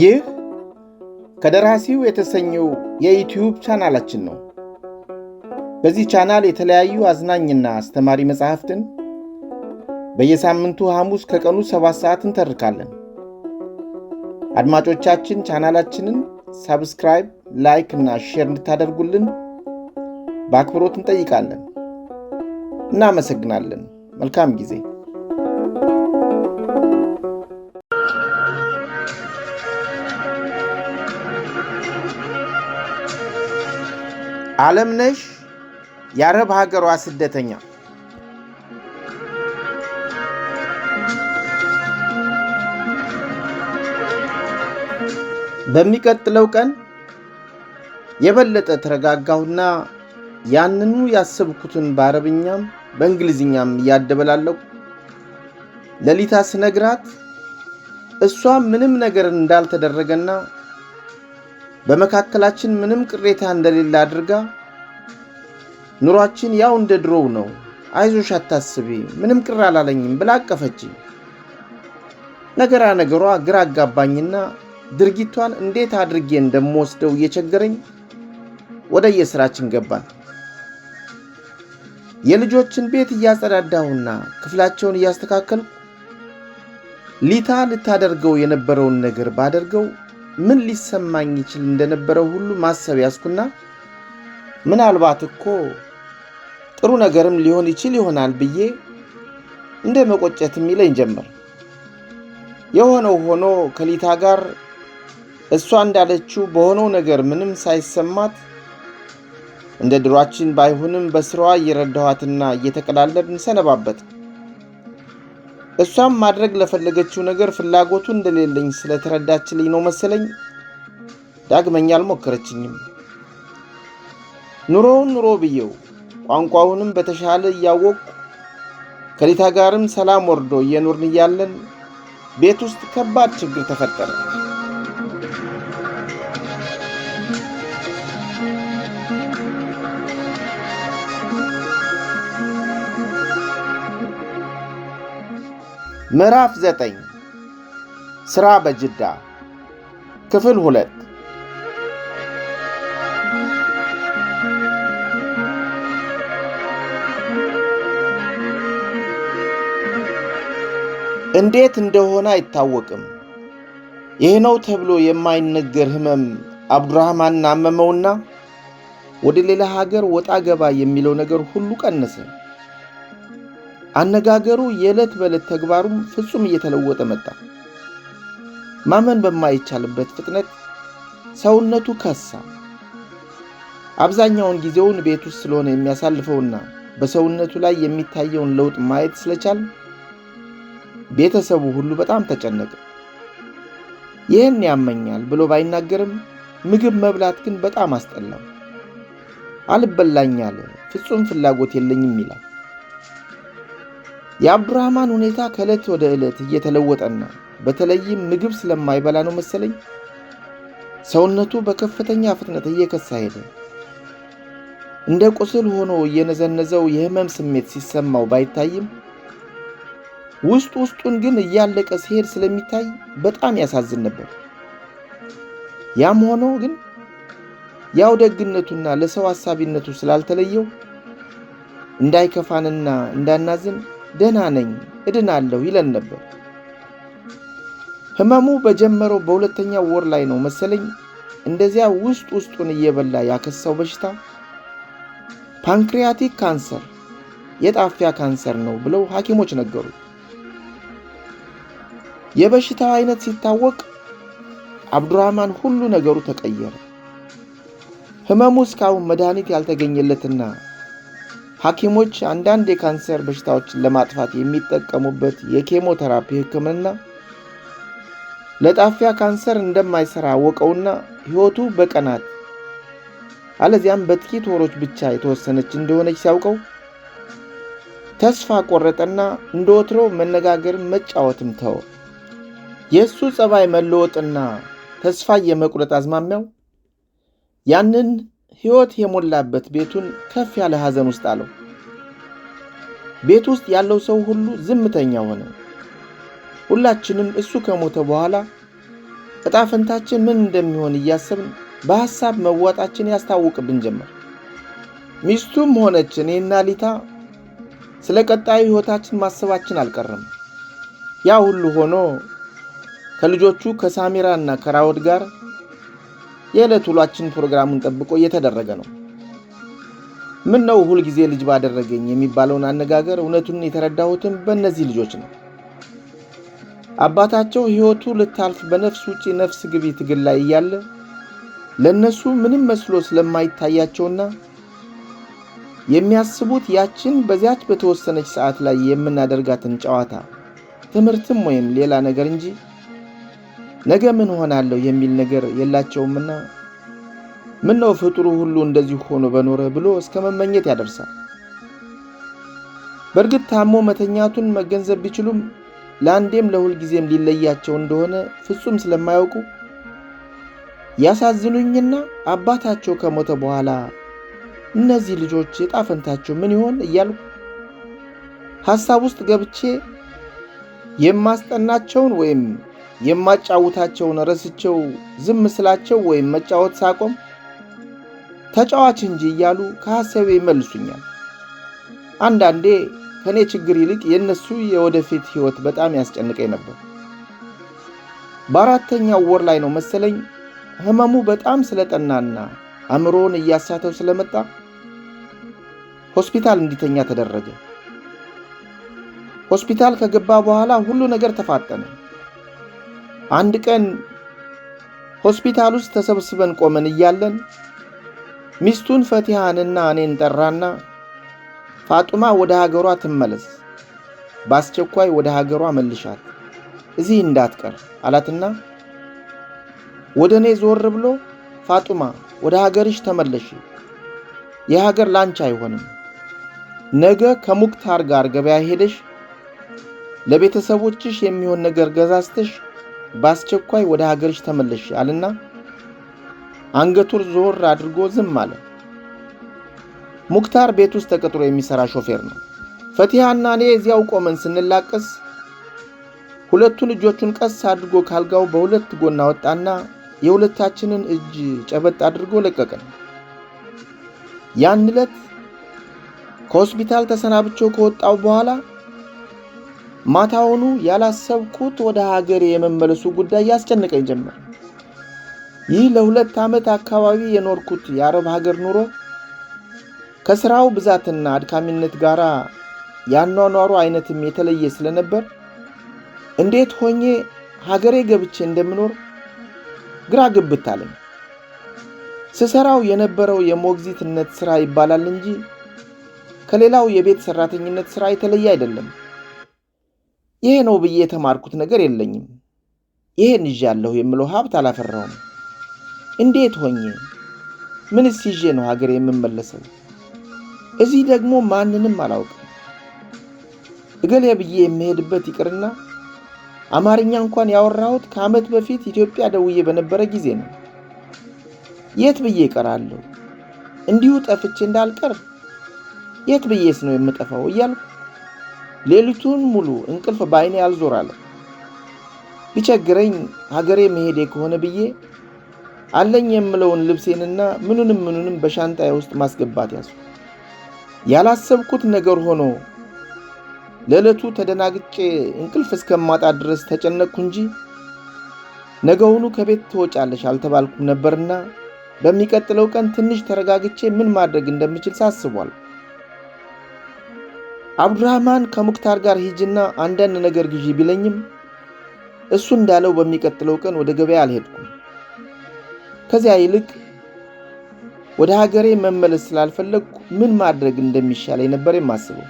ይህ ከደራሲው የተሰኘው የዩትዩብ ቻናላችን ነው። በዚህ ቻናል የተለያዩ አዝናኝና አስተማሪ መጽሐፍትን በየሳምንቱ ሐሙስ ከቀኑ ሰባት ሰዓት እንተርካለን። አድማጮቻችን ቻናላችንን ሳብስክራይብ፣ ላይክ እና ሼር እንድታደርጉልን በአክብሮት እንጠይቃለን። እናመሰግናለን። መልካም ጊዜ አለምነሽ የአረብ ሀገሯ ስደተኛ በሚቀጥለው ቀን የበለጠ ተረጋጋሁና ያንኑ ያሰብኩትን በአረብኛም በእንግሊዝኛም እያደበላለቁ ለሊታ ስነግራት እሷ ምንም ነገር እንዳልተደረገና በመካከላችን ምንም ቅሬታ እንደሌለ አድርጋ ኑሯችን ያው እንደ ድሮው ነው፣ አይዞሽ አታስቢ፣ ምንም ቅር አላለኝም ብላ አቀፈችኝ። ነገራ ነገሯ ግራ አጋባኝና ድርጊቷን እንዴት አድርጌ እንደምወስደው እየቸገረኝ ወደ የሥራችን ገባን። የልጆችን ቤት እያጸዳዳሁና ክፍላቸውን እያስተካከልኩ ሊታ ልታደርገው የነበረውን ነገር ባደርገው ምን ሊሰማኝ ይችል እንደነበረው ሁሉ ማሰብ ያስኩና ምናልባት እኮ ጥሩ ነገርም ሊሆን ይችል ይሆናል ብዬ እንደ መቆጨትም ይለኝ ጀመር። የሆነው ሆኖ ከሊታ ጋር እሷ እንዳለችው በሆነው ነገር ምንም ሳይሰማት እንደ ድሯችን ባይሆንም በስራዋ እየረዳኋትና እየተቀላለብን ሰነባበት። እሷም ማድረግ ለፈለገችው ነገር ፍላጎቱ እንደሌለኝ ስለተረዳችልኝ ነው መሰለኝ ዳግመኛ አልሞከረችኝም። ኑሮውን ኑሮ ብዬው ቋንቋውንም በተሻለ እያወቅኩ ከሊታ ጋርም ሰላም ወርዶ እየኖርን እያለን ቤት ውስጥ ከባድ ችግር ተፈጠረ። ምዕራፍ 9 ሥራ በጅዳ ክፍል 2 እንዴት እንደሆነ አይታወቅም። ይህ ነው ተብሎ የማይነገር ሕመም አብዱራህማን አመመውና ወደ ሌላ ሀገር ወጣ ገባ የሚለው ነገር ሁሉ ቀነሰ። አነጋገሩ፣ የዕለት በዕለት ተግባሩም ፍጹም እየተለወጠ መጣ። ማመን በማይቻልበት ፍጥነት ሰውነቱ ከሳ። አብዛኛውን ጊዜውን ቤት ውስጥ ስለሆነ የሚያሳልፈውና በሰውነቱ ላይ የሚታየውን ለውጥ ማየት ስለቻል ቤተሰቡ ሁሉ በጣም ተጨነቀ። ይህን ያመኛል ብሎ ባይናገርም ምግብ መብላት ግን በጣም አስጠላው። አልበላኝ አለ፣ ፍጹም ፍላጎት የለኝም ይላል። የአብዱራህማን ሁኔታ ከዕለት ወደ ዕለት እየተለወጠና በተለይም ምግብ ስለማይበላ ነው መሰለኝ ሰውነቱ በከፍተኛ ፍጥነት እየከሳ ሄደ። እንደ ቁስል ሆኖ እየነዘነዘው የህመም ስሜት ሲሰማው ባይታይም ውስጥ ውስጡን ግን እያለቀ ሲሄድ ስለሚታይ በጣም ያሳዝን ነበር። ያም ሆኖ ግን ያው ደግነቱና ለሰው አሳቢነቱ ስላልተለየው እንዳይከፋንና እንዳናዝን ደህና ነኝ እድናለሁ ይለን ነበር። ህመሙ በጀመረው በሁለተኛው ወር ላይ ነው መሰለኝ እንደዚያ ውስጥ ውስጡን እየበላ ያከሳው በሽታ ፓንክሪያቲክ ካንሰር የጣፊያ ካንሰር ነው ብለው ሐኪሞች ነገሩ። የበሽታው አይነት ሲታወቅ አብዱራህማን ሁሉ ነገሩ ተቀየረ። ህመሙ እስካሁን መድኃኒት ያልተገኘለትና ሐኪሞች አንዳንድ የካንሰር በሽታዎችን ለማጥፋት የሚጠቀሙበት የኬሞቴራፒ ሕክምና ለጣፊያ ካንሰር እንደማይሰራ አወቀውና ሕይወቱ በቀናት አለዚያም በጥቂት ወሮች ብቻ የተወሰነች እንደሆነች ሲያውቀው ተስፋ ቆረጠና እንደ ወትሮ መነጋገርን መጫወትም ተወ። የእሱ ጸባይ መለወጥና ተስፋ የመቁረጥ አዝማሚያው ያንን ሕይወት የሞላበት ቤቱን ከፍ ያለ ሐዘን ውስጥ አለው። ቤት ውስጥ ያለው ሰው ሁሉ ዝምተኛ ሆነ። ሁላችንም እሱ ከሞተ በኋላ ዕጣ ፈንታችን ምን እንደሚሆን እያሰብን በሐሳብ መዋጣችን ያስታውቅብን ጀመር። ሚስቱም ሆነች እኔና ሊታ ስለ ቀጣዩ ሕይወታችን ማሰባችን አልቀረም። ያ ሁሉ ሆኖ ከልጆቹ ከሳሚራና ከራወድ ጋር የዕለት ውሏችን ፕሮግራሙን ጠብቆ እየተደረገ ነው። ምን ነው ሁልጊዜ ልጅ ባደረገኝ የሚባለውን አነጋገር እውነቱን የተረዳሁትም በእነዚህ ልጆች ነው። አባታቸው ሕይወቱ ልታልፍ በነፍስ ውጪ ነፍስ ግቢ ትግል ላይ እያለ ለእነሱ ምንም መስሎ ስለማይታያቸውና የሚያስቡት ያችን በዚያች በተወሰነች ሰዓት ላይ የምናደርጋትን ጨዋታ ትምህርትም ወይም ሌላ ነገር እንጂ ነገ ምን ሆናለሁ የሚል ነገር የላቸውምና ምን ነው ፍጡሩ ሁሉ እንደዚህ ሆኖ በኖረ ብሎ እስከ መመኘት ያደርሳል። በእርግጥ ታሞ መተኛቱን መገንዘብ ቢችሉም ለአንዴም ለሁልጊዜም ሊለያቸው እንደሆነ ፍጹም ስለማያውቁ ያሳዝኑኝና አባታቸው ከሞተ በኋላ እነዚህ ልጆች የጣፈንታቸው ምን ይሆን እያልኩ ሐሳብ ውስጥ ገብቼ የማስጠናቸውን ወይም የማጫውታቸውን ረስቸው ዝም ስላቸው ወይም መጫወት ሳቆም ተጫዋች እንጂ እያሉ ከሐሳቤ ይመልሱኛል። አንዳንዴ ከእኔ ችግር ይልቅ የእነሱ የወደፊት ሕይወት በጣም ያስጨንቀኝ ነበር። በአራተኛው ወር ላይ ነው መሰለኝ ሕመሙ በጣም ስለጠናና አእምሮውን እያሳተው ስለመጣ ሆስፒታል እንዲተኛ ተደረገ። ሆስፒታል ከገባ በኋላ ሁሉ ነገር ተፋጠነ። አንድ ቀን ሆስፒታል ውስጥ ተሰብስበን ቆመን እያለን ሚስቱን ፈቲሃንና እኔን ጠራና ፋጡማ ወደ ሀገሯ ትመለስ፣ በአስቸኳይ ወደ ሀገሯ መልሻት፣ እዚህ እንዳትቀር አላትና ወደ እኔ ዞር ብሎ ፋጡማ ወደ ሀገርሽ ተመለሽ፣ የሀገር ላንቺ አይሆንም። ነገ ከሙክታር ጋር ገበያ ሄደሽ ለቤተሰቦችሽ የሚሆን ነገር ገዛዝተሽ በአስቸኳይ ወደ ሀገርሽ ተመለሽ አለና አንገቱን ዞር አድርጎ ዝም አለ። ሙክታር ቤት ውስጥ ተቀጥሮ የሚሠራ ሾፌር ነው። ፈቲሃና እኔ እዚያው ቆመን ስንላቀስ ሁለቱ እጆቹን ቀስ አድርጎ ካልጋው በሁለት ጎን አወጣና የሁለታችንን እጅ ጨበጥ አድርጎ ለቀቀን። ያን ዕለት ከሆስፒታል ተሰናብቼው ከወጣው በኋላ ማታውኑ ያላሰብኩት ወደ ሀገሬ የመመለሱ ጉዳይ ያስጨንቀኝ ጀመር። ይህ ለሁለት ዓመት አካባቢ የኖርኩት የአረብ ሀገር ኑሮ ከሥራው ብዛትና አድካሚነት ጋር ያኗኗሩ አይነትም የተለየ ስለነበር እንዴት ሆኜ ሀገሬ ገብቼ እንደምኖር ግራ ግብት አለኝ። ስሰራው የነበረው የሞግዚትነት ሥራ ይባላል እንጂ ከሌላው የቤት ሠራተኝነት ሥራ የተለየ አይደለም። ይሄ ነው ብዬ የተማርኩት ነገር የለኝም። ይሄን ይዣለሁ የምለው ሀብት አላፈራውም። እንዴት ሆኜ ምንስ ይዤ ነው ሀገር የምመለሰው? እዚህ ደግሞ ማንንም አላውቅም። እገሌ ብዬ የምሄድበት ይቅርና አማርኛ እንኳን ያወራሁት ከዓመት በፊት ኢትዮጵያ ደውዬ በነበረ ጊዜ ነው። የት ብዬ እቀራለሁ? እንዲሁ ጠፍቼ እንዳልቀር የት ብዬስ ነው የምጠፋው እያልኩ ሌሊቱን ሙሉ እንቅልፍ በአይኔ አልዞራለም። ቢቸግረኝ ሀገሬ መሄዴ ከሆነ ብዬ አለኝ የምለውን ልብሴንና ምኑንም ምኑንም በሻንጣዬ ውስጥ ማስገባት ያዙ። ያላሰብኩት ነገር ሆኖ ለዕለቱ ተደናግጬ እንቅልፍ እስከማጣ ድረስ ተጨነቅኩ እንጂ ነገውኑ ከቤት ትወጫለሽ አልተባልኩም ነበርና በሚቀጥለው ቀን ትንሽ ተረጋግቼ ምን ማድረግ እንደምችል ሳስቧል። አብዱራህማን ከሙክታር ጋር ሂጅና አንዳንድ ነገር ግዢ ቢለኝም እሱ እንዳለው በሚቀጥለው ቀን ወደ ገበያ አልሄድኩም። ከዚያ ይልቅ ወደ ሀገሬ መመለስ ስላልፈለግኩ ምን ማድረግ እንደሚሻለኝ ነበር የማስበው።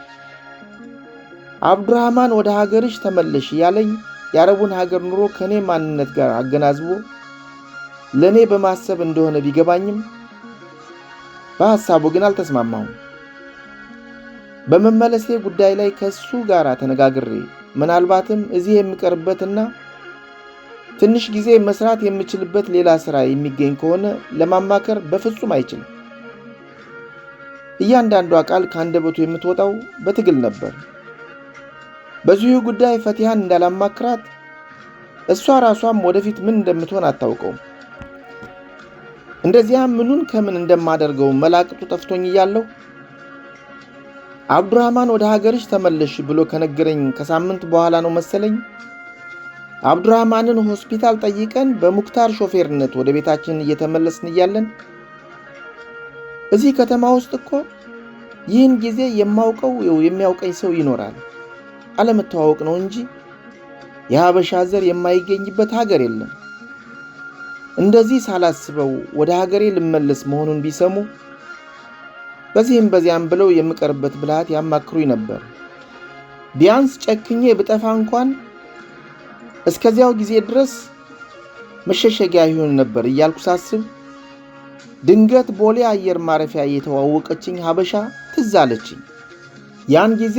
አብዱራህማን ወደ ሀገርሽ ተመለሽ እያለኝ የአረቡን ሀገር ኑሮ ከእኔ ማንነት ጋር አገናዝቦ ለእኔ በማሰብ እንደሆነ ቢገባኝም በሐሳቡ ግን አልተስማማሁም። በመመለሴ ጉዳይ ላይ ከሱ ጋር ተነጋግሬ ምናልባትም እዚህ የሚቀርብበትና ትንሽ ጊዜ መስራት የምችልበት ሌላ ሥራ የሚገኝ ከሆነ ለማማከር በፍጹም አይችልም። እያንዳንዷ ቃል ከአንደበቱ የምትወጣው በትግል ነበር። በዚሁ ጉዳይ ፈቲሃን እንዳላማክራት እሷ ራሷም ወደፊት ምን እንደምትሆን አታውቀውም። እንደዚያ ምኑን ከምን እንደማደርገው መላቅጡ ጠፍቶኝ እያለሁ አብዱራህማን ወደ ሀገርሽ ተመለሽ ብሎ ከነገረኝ ከሳምንት በኋላ ነው መሰለኝ አብዱራህማንን ሆስፒታል ጠይቀን በሙክታር ሾፌርነት ወደ ቤታችን እየተመለስን እያለን እዚህ ከተማ ውስጥ እኮ ይህን ጊዜ የማውቀው የሚያውቀኝ ሰው ይኖራል። አለመተዋወቅ ነው እንጂ የሀበሻ ዘር የማይገኝበት ሀገር የለም። እንደዚህ ሳላስበው ወደ ሀገሬ ልመለስ መሆኑን ቢሰሙ በዚህም በዚያም ብለው የምቀርበት ብልሃት ያማክሩኝ ነበር። ቢያንስ ጨክኜ ብጠፋ እንኳን እስከዚያው ጊዜ ድረስ መሸሸጊያ ይሆን ነበር እያልኩ ሳስብ ድንገት ቦሌ አየር ማረፊያ የተዋወቀችኝ ሀበሻ ትዝ አለችኝ። ያን ጊዜ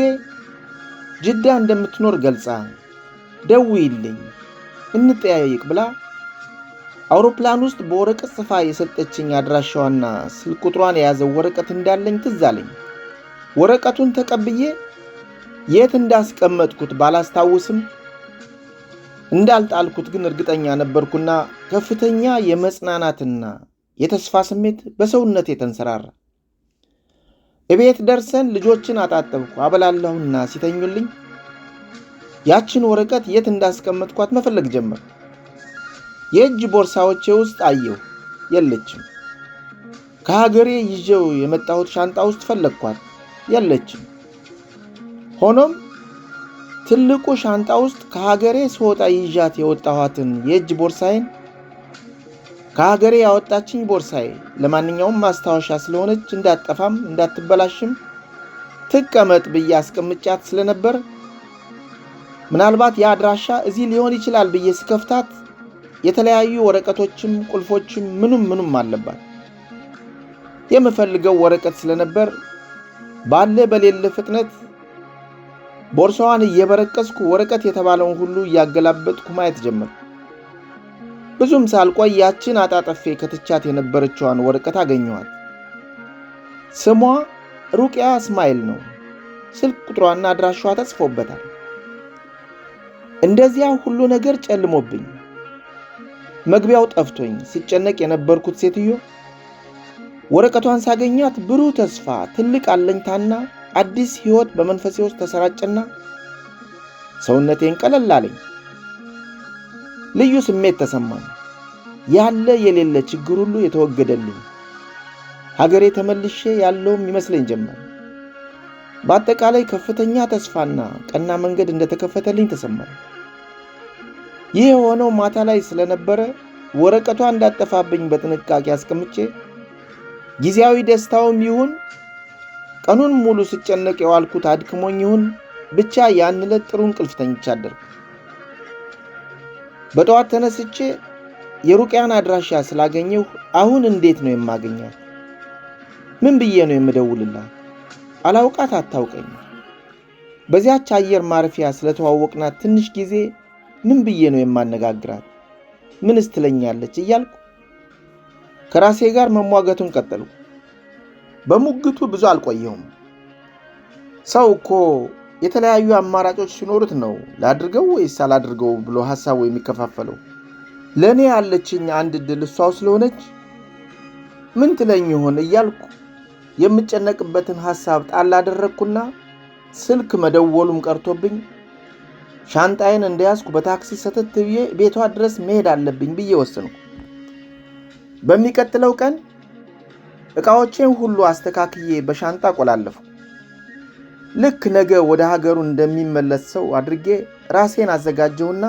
ጅዳ እንደምትኖር ገልጻ ደውይልኝ እንጠያየቅ ብላ አውሮፕላን ውስጥ በወረቀት ጽፋ የሰጠችኝ አድራሻዋና ስልክ ቁጥሯን የያዘው ወረቀት እንዳለኝ ትዝ አለኝ። ወረቀቱን ተቀብዬ የት እንዳስቀመጥኩት ባላስታውስም እንዳልጣልኩት ግን እርግጠኛ ነበርኩና ከፍተኛ የመጽናናትና የተስፋ ስሜት በሰውነት የተንሰራራ። እቤት ደርሰን ልጆችን አጣጠብኩ አበላለሁና ሲተኙልኝ ያችን ወረቀት የት እንዳስቀመጥኳት መፈለግ ጀመር። የእጅ ቦርሳዎቼ ውስጥ አየሁ፣ የለችም። ከሀገሬ ይዤው የመጣሁት ሻንጣ ውስጥ ፈለግኳት፣ የለችም። ሆኖም ትልቁ ሻንጣ ውስጥ ከሀገሬ ስወጣ ይዣት የወጣኋትን የእጅ ቦርሳዬን ከሀገሬ ያወጣችኝ ቦርሳዬ ለማንኛውም ማስታወሻ ስለሆነች እንዳትጠፋም እንዳትበላሽም ትቀመጥ ብዬ አስቀምጫት ስለነበር ምናልባት የአድራሻ እዚህ ሊሆን ይችላል ብዬ ስከፍታት የተለያዩ ወረቀቶችም ቁልፎችም ምኑም ምኑም አለባት። የምፈልገው ወረቀት ስለነበር ባለ በሌለ ፍጥነት ቦርሳዋን እየበረቀስኩ ወረቀት የተባለውን ሁሉ እያገላበጥኩ ማየት ጀመር። ብዙም ሳልቆይ ያችን አጣጠፌ ከትቻት የነበረችዋን ወረቀት አገኘኋት። ስሟ ሩቅያ እስማኤል ነው። ስልክ ቁጥሯና አድራሿ ተጽፎበታል። እንደዚያ ሁሉ ነገር ጨልሞብኝ መግቢያው ጠፍቶኝ ስጨነቅ የነበርኩት ሴትዮ ወረቀቷን ሳገኛት ብሩህ ተስፋ፣ ትልቅ አለኝታና አዲስ ሕይወት በመንፈሴ ውስጥ ተሰራጨና ሰውነቴን ቀለል አለኝ። ልዩ ስሜት ተሰማኝ። ያለ የሌለ ችግር ሁሉ የተወገደልኝ፣ ሀገሬ ተመልሼ ያለውም ይመስለኝ ጀመር። በአጠቃላይ ከፍተኛ ተስፋና ቀና መንገድ እንደተከፈተልኝ ተሰማኝ። ይህ የሆነው ማታ ላይ ስለነበረ ወረቀቷ እንዳጠፋብኝ በጥንቃቄ አስቀምጬ ጊዜያዊ ደስታውም ይሁን ቀኑን ሙሉ ስጨነቅ የዋልኩት አድክሞኝ ይሁን ብቻ ያን ዕለት ጥሩ እንቅልፍ ተኝቼ አደርኩ። በጠዋት ተነስቼ የሩቅያን አድራሻ ስላገኘሁ አሁን እንዴት ነው የማገኛት? ምን ብዬ ነው የምደውልላት? አላውቃት አታውቀኝ። በዚያች አየር ማረፊያ ስለተዋወቅናት ትንሽ ጊዜ ምን ብዬ ነው የማነጋግራት? ምንስ ትለኛለች እያልኩ ከራሴ ጋር መሟገቱን ቀጠልኩ። በሙግቱ ብዙ አልቆየውም ሰው እኮ የተለያዩ አማራጮች ሲኖሩት ነው ላድርገው ወይስ አላድርገው ብሎ ሀሳቡ የሚከፋፈለው። ለእኔ ያለችኝ አንድ ዕድል እሷው ስለሆነች ምን ትለኝ ይሆን እያልኩ የምጨነቅበትን ሀሳብ ጣል አደረግኩና ስልክ መደወሉም ቀርቶብኝ ሻንጣዬን እንደያዝኩ በታክሲ ሰተት ብዬ ቤቷ ድረስ መሄድ አለብኝ ብዬ ወሰንኩ። በሚቀጥለው ቀን ዕቃዎቼን ሁሉ አስተካክዬ በሻንጣ ቆላለፉ። ልክ ነገ ወደ ሀገሩ እንደሚመለስ ሰው አድርጌ ራሴን አዘጋጀውና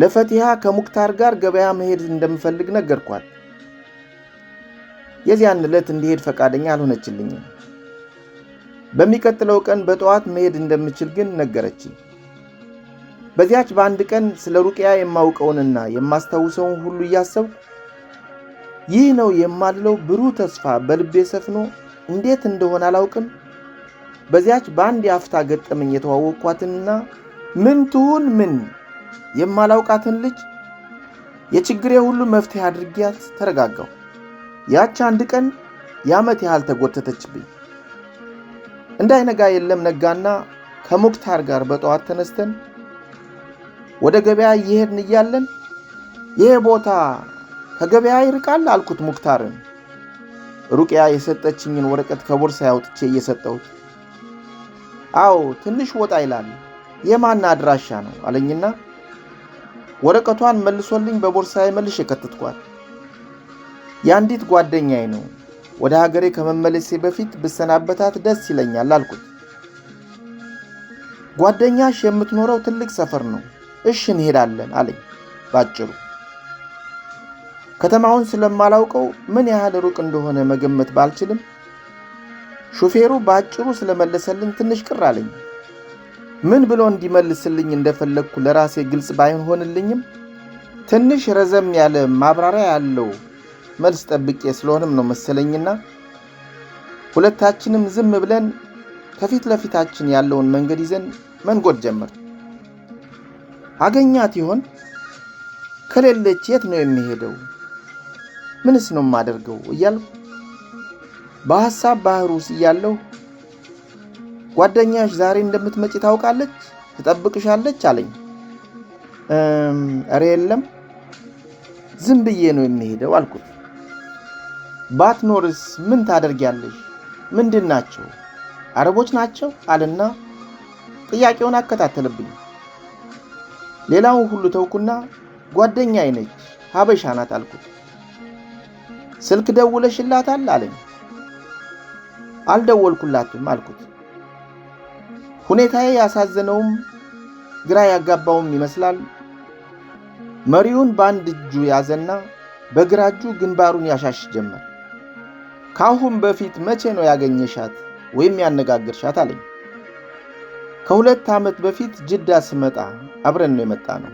ለፈቲሃ ከሙክታር ጋር ገበያ መሄድ እንደምፈልግ ነገርኳት። የዚያን ዕለት እንዲሄድ ፈቃደኛ አልሆነችልኝም። በሚቀጥለው ቀን በጠዋት መሄድ እንደምችል ግን ነገረችኝ። በዚያች በአንድ ቀን ስለ ሩቅያ የማውቀውንና የማስታውሰውን ሁሉ እያሰብኩ ይህ ነው የማልለው ብሩህ ተስፋ በልቤ ሰፍኖ እንዴት እንደሆነ አላውቅም። በዚያች በአንድ የአፍታ ገጠመኝ የተዋወቅኳትንና ምን ትሁን ምን የማላውቃትን ልጅ የችግሬ ሁሉ መፍትሄ አድርጊያት ተረጋጋሁ። ያች አንድ ቀን የዓመት ያህል ተጎተተችብኝ። እንዳይነጋ የለም ነጋና ከሙክታር ጋር በጠዋት ተነስተን ወደ ገበያ እየሄድን እያለን ይህ ቦታ ከገበያ ይርቃል አልኩት ሙክታርን። ሩቅያ የሰጠችኝን ወረቀት ከቦርሳ ያውጥቼ እየሰጠሁት፣ አዎ ትንሽ ወጣ ይላል የማን አድራሻ ነው አለኝና ወረቀቷን መልሶልኝ በቦርሳዬ መልሼ የከትትኳል። የአንዲት ጓደኛዬ ነው። ወደ ሀገሬ ከመመለሴ በፊት ብሰናበታት ደስ ይለኛል አልኩት። ጓደኛሽ የምትኖረው ትልቅ ሰፈር ነው እሽ እንሄዳለን አለኝ። ባጭሩ ከተማውን ስለማላውቀው ምን ያህል ሩቅ እንደሆነ መገመት ባልችልም ሹፌሩ በአጭሩ ስለመለሰልኝ ትንሽ ቅር አለኝ። ምን ብሎ እንዲመልስልኝ እንደፈለግኩ ለራሴ ግልጽ ባይሆንልኝም ትንሽ ረዘም ያለ ማብራሪያ ያለው መልስ ጠብቄ ስለሆንም ነው መሰለኝና ሁለታችንም ዝም ብለን ከፊት ለፊታችን ያለውን መንገድ ይዘን መንጎድ ጀመር። አገኛት ይሆን? ከሌለች የት ነው የሚሄደው? ምንስ ነው የማደርገው እያልኩ በሐሳብ ባህር ውስጥ እያለሁ ጓደኛሽ ዛሬ እንደምትመጪ ታውቃለች? ትጠብቅሻለች አለኝ። እረ የለም ዝም ብዬ ነው የሚሄደው አልኩት። ባትኖርስ ምን ታደርጊያለሽ? ምንድን ናቸው አረቦች ናቸው አለና ጥያቄውን አከታተልብኝ። ሌላውን ሁሉ ተውኩና ጓደኛ አይነች ሀበሻ ናት አልኩት። ስልክ ደውለሽላታል አለኝ። አልደወልኩላትም አልኩት። ሁኔታዬ ያሳዘነውም ግራ ያጋባውም ይመስላል። መሪውን በአንድ እጁ ያዘና በግራ እጁ ግንባሩን ያሻሽ ጀመር። ከአሁን በፊት መቼ ነው ያገኘሻት ወይም ያነጋግርሻት አለኝ። ከሁለት ዓመት በፊት ጅዳ ስመጣ አብረን ነው የመጣ ነው።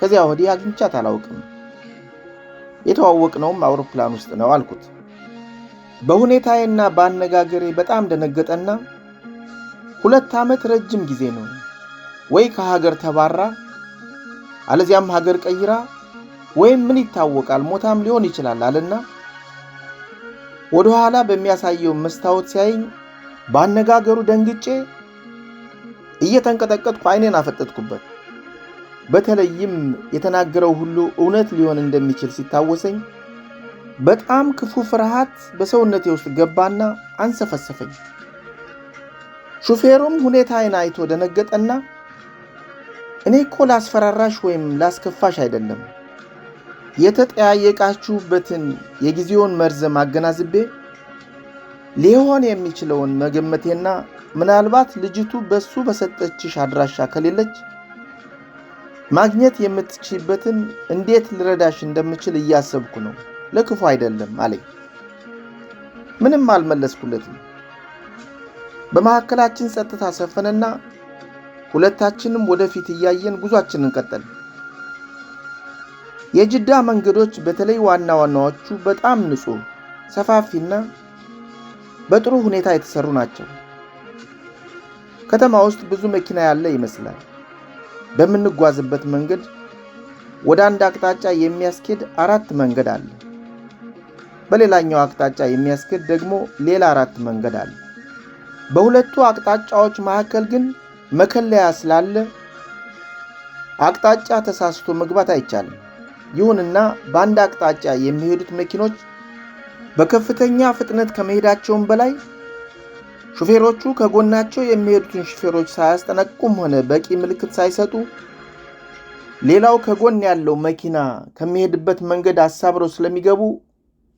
ከዚያ ወዲህ አግኝቻት አላውቅም። የተዋወቅነውም አውሮፕላን ውስጥ ነው አልኩት። በሁኔታዬና በአነጋገሬ በጣም ደነገጠና ሁለት ዓመት ረጅም ጊዜ ነው። ወይ ከሀገር ተባራ አለዚያም ሀገር ቀይራ ወይም ምን ይታወቃል ሞታም ሊሆን ይችላል አለና ወደ ኋላ በሚያሳየው መስታወት ሲያይኝ በአነጋገሩ ደንግጬ እየተንቀጠቀጥኩ አይኔን አፈጠጥኩበት። በተለይም የተናገረው ሁሉ እውነት ሊሆን እንደሚችል ሲታወሰኝ በጣም ክፉ ፍርሃት በሰውነቴ ውስጥ ገባና አንሰፈሰፈኝ። ሹፌሩም ሁኔታዬን አይቶ ደነገጠና እኔ እኮ ላስፈራራሽ ወይም ላስከፋሽ አይደለም የተጠያየቃችሁበትን የጊዜውን መርዘም አገናዝቤ ሊሆን የሚችለውን መገመቴና ምናልባት ልጅቱ በሱ በሰጠችሽ አድራሻ ከሌለች ማግኘት የምትችይበትን እንዴት ልረዳሽ እንደምችል እያሰብኩ ነው። ለክፉ አይደለም አለኝ። ምንም አልመለስኩለትም። በመካከላችን ጸጥታ ሰፈነና ሁለታችንም ወደፊት እያየን ጉዟችንን ቀጠል። የጅዳ መንገዶች በተለይ ዋና ዋናዎቹ በጣም ንጹሕ፣ ሰፋፊና በጥሩ ሁኔታ የተሰሩ ናቸው። ከተማ ውስጥ ብዙ መኪና ያለ ይመስላል። በምንጓዝበት መንገድ ወደ አንድ አቅጣጫ የሚያስኬድ አራት መንገድ አለ። በሌላኛው አቅጣጫ የሚያስኬድ ደግሞ ሌላ አራት መንገድ አለ። በሁለቱ አቅጣጫዎች መካከል ግን መከለያ ስላለ አቅጣጫ ተሳስቶ መግባት አይቻልም። ይሁንና በአንድ አቅጣጫ የሚሄዱት መኪኖች በከፍተኛ ፍጥነት ከመሄዳቸውም በላይ ሹፌሮቹ ከጎናቸው የሚሄዱትን ሹፌሮች ሳያስጠነቅቁም ሆነ በቂ ምልክት ሳይሰጡ ሌላው ከጎን ያለው መኪና ከሚሄድበት መንገድ አሳብረው ስለሚገቡ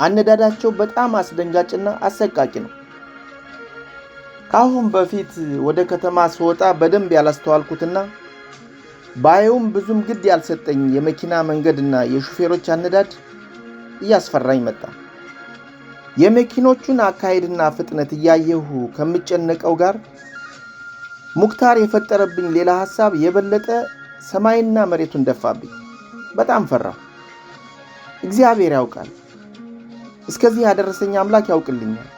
አነዳዳቸው በጣም አስደንጋጭና አሰቃቂ ነው። ከአሁን በፊት ወደ ከተማ ስወጣ በደንብ ያላስተዋልኩትና ባየውም ብዙም ግድ ያልሰጠኝ የመኪና መንገድና የሹፌሮች አነዳድ እያስፈራኝ መጣ። የመኪኖቹን አካሄድና ፍጥነት እያየሁ ከምጨነቀው ጋር ሙክታር የፈጠረብኝ ሌላ ሐሳብ የበለጠ ሰማይና መሬቱን ደፋብኝ። በጣም ፈራሁ። እግዚአብሔር ያውቃል፣ እስከዚህ ያደረሰኝ አምላክ ያውቅልኛል፣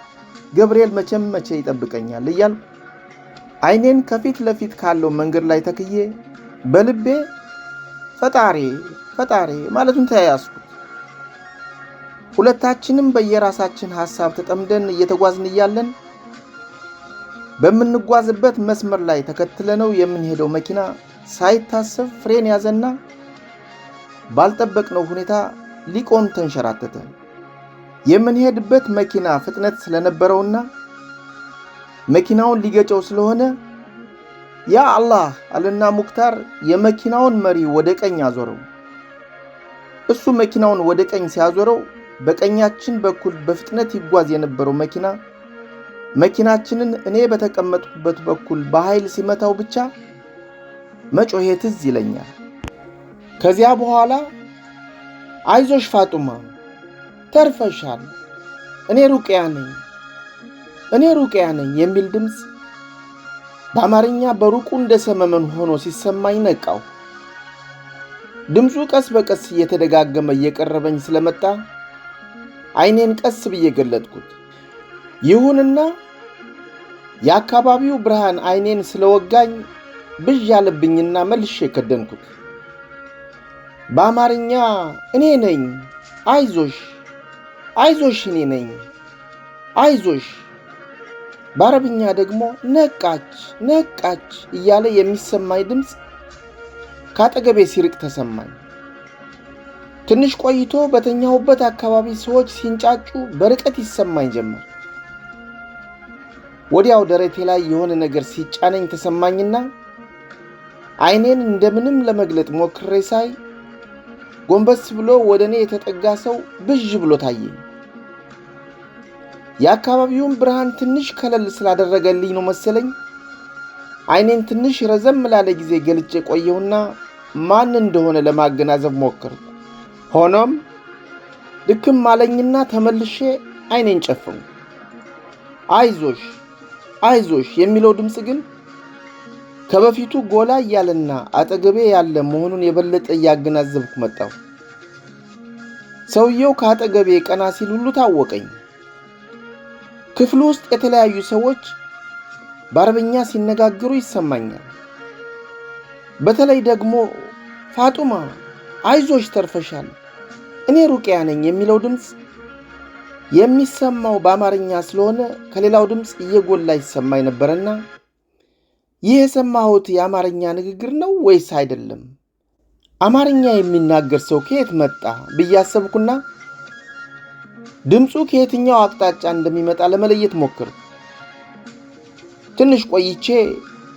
ገብርኤል መቼም መቼ ይጠብቀኛል እያልኩ ዓይኔን ከፊት ለፊት ካለው መንገድ ላይ ተክዬ በልቤ ፈጣሪ ፈጣሪ ማለቱን ተያያዝኩ። ሁለታችንም በየራሳችን ሐሳብ ተጠምደን እየተጓዝን እያለን በምንጓዝበት መስመር ላይ ተከትለነው የምንሄደው መኪና ሳይታሰብ ፍሬን ያዘና ባልጠበቅነው ሁኔታ ሊቆም ተንሸራተተ። የምንሄድበት መኪና ፍጥነት ስለነበረውና መኪናውን ሊገጨው ስለሆነ ያ አላህ አለና ሙክታር የመኪናውን መሪ ወደ ቀኝ አዞረው። እሱ መኪናውን ወደ ቀኝ ሲያዞረው በቀኛችን በኩል በፍጥነት ይጓዝ የነበረው መኪና መኪናችንን እኔ በተቀመጥኩበት በኩል በኃይል ሲመታው ብቻ መጮሄ ትዝ ይለኛል። ከዚያ በኋላ አይዞሽ ፋጡማ ተርፈሻል፣ እኔ ሩቅያ ነኝ፣ እኔ ሩቅያ ነኝ የሚል ድምፅ በአማርኛ በሩቁ እንደ ሰመመን ሆኖ ሲሰማኝ ነቃው። ድምፁ ቀስ በቀስ እየተደጋገመ እየቀረበኝ ስለመጣ አይኔን ቀስ ብዬ ገለጥኩት። ይሁንና የአካባቢው ብርሃን አይኔን ስለወጋኝ ብዥ አለብኝና መልሼ ከደንኩት። በአማርኛ እኔ ነኝ፣ አይዞሽ፣ አይዞሽ፣ እኔ ነኝ፣ አይዞሽ። በአረብኛ ደግሞ ነቃች፣ ነቃች እያለ የሚሰማኝ ድምፅ ከአጠገቤ ሲርቅ ተሰማኝ። ትንሽ ቆይቶ በተኛሁበት አካባቢ ሰዎች ሲንጫጩ በርቀት ይሰማኝ ጀመር። ወዲያው ደረቴ ላይ የሆነ ነገር ሲጫነኝ ተሰማኝና ዓይኔን እንደምንም ለመግለጥ ሞክሬ ሳይ ጎንበስ ብሎ ወደ እኔ የተጠጋ ሰው ብዥ ብሎ ታየኝ። የአካባቢውን ብርሃን ትንሽ ከለል ስላደረገልኝ ነው መሰለኝ ዓይኔን ትንሽ ረዘም ላለ ጊዜ ገልጬ ቆየሁና ማን እንደሆነ ለማገናዘብ ሞከርኩ። ሆኖም ድክም አለኝና ተመልሼ አይኔን ጨፈንኩ። አይዞሽ አይዞሽ የሚለው ድምፅ ግን ከበፊቱ ጎላ እያለና አጠገቤ ያለ መሆኑን የበለጠ እያገናዘብኩ መጣሁ። ሰውየው ከአጠገቤ ቀና ሲል ሁሉ ታወቀኝ። ክፍሉ ውስጥ የተለያዩ ሰዎች በአረብኛ ሲነጋገሩ ይሰማኛል። በተለይ ደግሞ ፋጡማ አይዞሽ ተርፈሻል እኔ ሩቅያ ነኝ የሚለው ድምፅ የሚሰማው በአማርኛ ስለሆነ ከሌላው ድምፅ እየጎላ ይሰማኝ ነበረና ይህ የሰማሁት የአማርኛ ንግግር ነው ወይስ አይደለም? አማርኛ የሚናገር ሰው ከየት መጣ ብዬ አሰብኩና ድምፁ ከየትኛው አቅጣጫ እንደሚመጣ ለመለየት ሞክር? ትንሽ ቆይቼ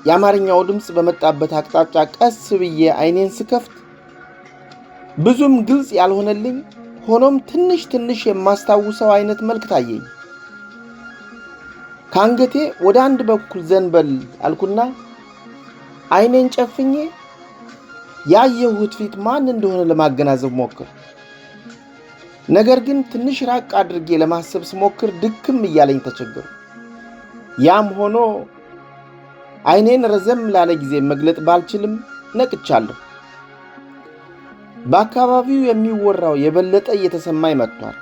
የአማርኛው ድምፅ በመጣበት አቅጣጫ ቀስ ብዬ አይኔን ስከፍት ብዙም ግልጽ ያልሆነልኝ ሆኖም ትንሽ ትንሽ የማስታውሰው አይነት መልክ ታየኝ። ከአንገቴ ወደ አንድ በኩል ዘንበል አልኩና አይኔን ጨፍኜ ያየሁት ፊት ማን እንደሆነ ለማገናዘብ ሞክር። ነገር ግን ትንሽ ራቅ አድርጌ ለማሰብ ስሞክር ድክም እያለኝ ተቸገሩ። ያም ሆኖ አይኔን ረዘም ላለ ጊዜ መግለጥ ባልችልም ነቅቻለሁ። በአካባቢው የሚወራው የበለጠ እየተሰማኝ መጥቷል።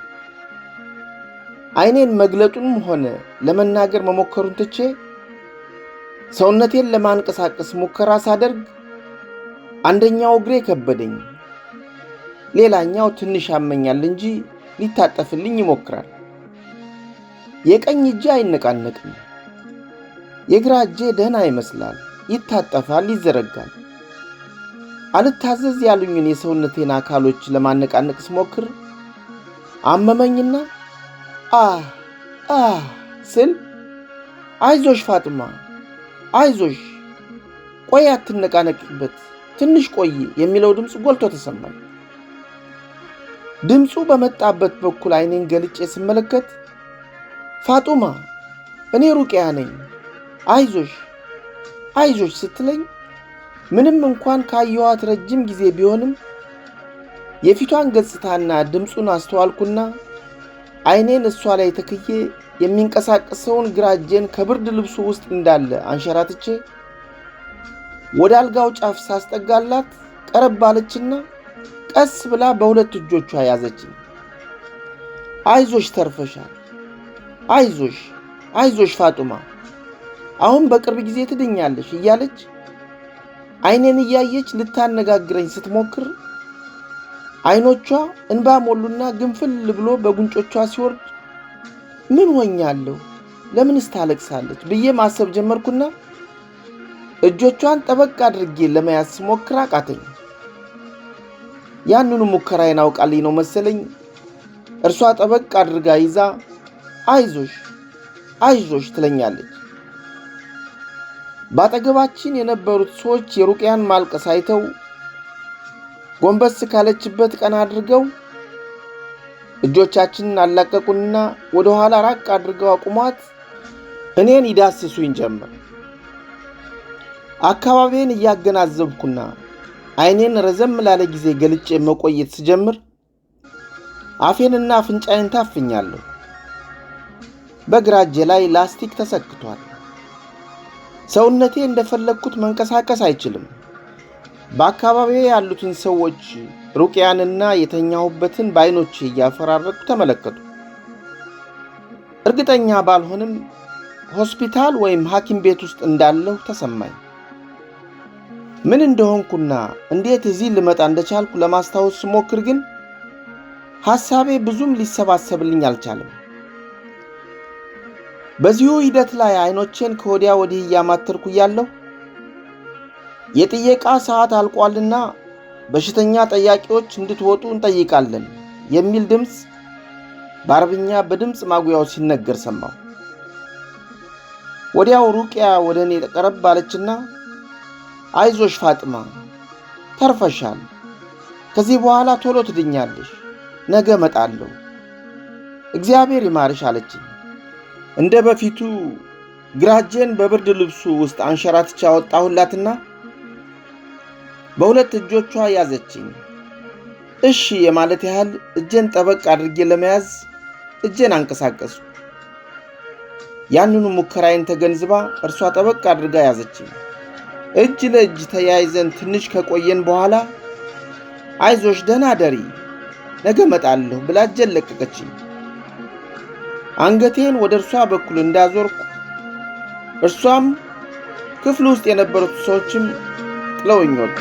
አይኔን መግለጡንም ሆነ ለመናገር መሞከሩን ትቼ ሰውነቴን ለማንቀሳቀስ ሙከራ ሳደርግ አንደኛው እግሬ ከበደኝ፣ ሌላኛው ትንሽ ያመኛል እንጂ ሊታጠፍልኝ ይሞክራል። የቀኝ እጄ አይነቃነቅም፣ የግራ እጄ ደህና ይመስላል፣ ይታጠፋል፣ ይዘረጋል። አልታዘዝ ያሉኝን የሰውነቴን አካሎች ለማነቃነቅ ስሞክር አመመኝና አ አ ስል አይዞሽ ፋጥማ አይዞሽ፣ ቆይ አትነቃነቅበት፣ ትንሽ ቆይ የሚለው ድምፅ ጎልቶ ተሰማኝ። ድምፁ በመጣበት በኩል ዓይኔን ገልጬ ስመለከት ፋጡማ እኔ ሩቅያ ነኝ አይዞሽ አይዞሽ ስትለኝ ምንም እንኳን ካየኋት ረጅም ጊዜ ቢሆንም የፊቷን ገጽታና ድምፁን አስተዋልኩና ዐይኔን እሷ ላይ ተክዬ የሚንቀሳቀሰውን ግራ እጄን ከብርድ ልብሱ ውስጥ እንዳለ አንሸራትቼ ወደ አልጋው ጫፍ ሳስጠጋላት ቀረብ አለችና ቀስ ብላ በሁለት እጆቿ ያዘችኝ። አይዞሽ ተርፈሻል፣ አይዞሽ አይዞሽ ፋጡማ አሁን በቅርብ ጊዜ ትድኛለሽ እያለች አይኔን እያየች ልታነጋግረኝ ስትሞክር አይኖቿ እንባ ሞሉና ግንፍል ብሎ በጉንጮቿ ሲወርድ ምን ሆኛለሁ? ለምንስ ታለቅሳለች ብዬ ማሰብ ጀመርኩና እጆቿን ጠበቅ አድርጌ ለመያዝ ስሞክር አቃተኝ። ያንኑ ሙከራ አውቃልኝ ነው መሰለኝ እርሷ ጠበቅ አድርጋ ይዛ አይዞሽ አይዞሽ ትለኛለች። በአጠገባችን የነበሩት ሰዎች የሩቅያን ማልቀስ አይተው ጎንበስ ካለችበት ቀና አድርገው እጆቻችንን አላቀቁንና ወደ ኋላ ራቅ አድርገው አቁሟት እኔን ይዳስሱኝ ጀመር። አካባቢዬን እያገናዘብኩና ዓይኔን ረዘም ላለ ጊዜ ገልጬ መቆየት ስጀምር አፌንና አፍንጫዬን ታፍኛለሁ። በግራ ላይ ላስቲክ ተሰክቷል። ሰውነቴ እንደፈለግኩት መንቀሳቀስ አይችልም። በአካባቢ ያሉትን ሰዎች ሩቅያንና የተኛሁበትን በዐይኖቼ እያፈራረቁ ተመለከቱ። እርግጠኛ ባልሆንም ሆስፒታል ወይም ሐኪም ቤት ውስጥ እንዳለሁ ተሰማኝ። ምን እንደሆንኩና እንዴት እዚህ ልመጣ እንደቻልኩ ለማስታወስ ስሞክር ግን ሐሳቤ ብዙም ሊሰባሰብልኝ አልቻለም። በዚሁ ሂደት ላይ አይኖቼን ከወዲያ ወዲህ እያማተርኩ እያለሁ የጥየቃ ሰዓት አልቋልና በሽተኛ ጠያቂዎች እንድትወጡ እንጠይቃለን የሚል ድምፅ በአረብኛ በድምፅ ማጉያው ሲነገር ሰማሁ። ወዲያው ሩቅያ ወደ እኔ ቀረብ ባለችና አይዞሽ ፋጥማ ተርፈሻል፣ ከዚህ በኋላ ቶሎ ትድኛለሽ፣ ነገ እመጣለሁ፣ እግዚአብሔር ይማርሽ አለችኝ። እንደ በፊቱ ግራ በብርድ ልብሱ ውስጥ አንሸራትቻ አወጣሁላትና በሁለት እጆቿ ያዘችኝ። እሺ የማለት ያህል እጄን ጠበቅ አድርጌ ለመያዝ እጄን አንቀሳቀሱ። ያንኑ ሙከራዬን ተገንዝባ እርሷ ጠበቅ አድርጋ ያዘችኝ። እጅ ለእጅ ተያይዘን ትንሽ ከቆየን በኋላ አይዞሽ፣ ደህና ደሪ፣ ነገ መጣለሁ ብላ እጄን ለቀቀችኝ። አንገቴን ወደ እርሷ በኩል እንዳዞርኩ እርሷም ክፍል ውስጥ የነበሩት ሰዎችም ጥለውኝ ወጡ።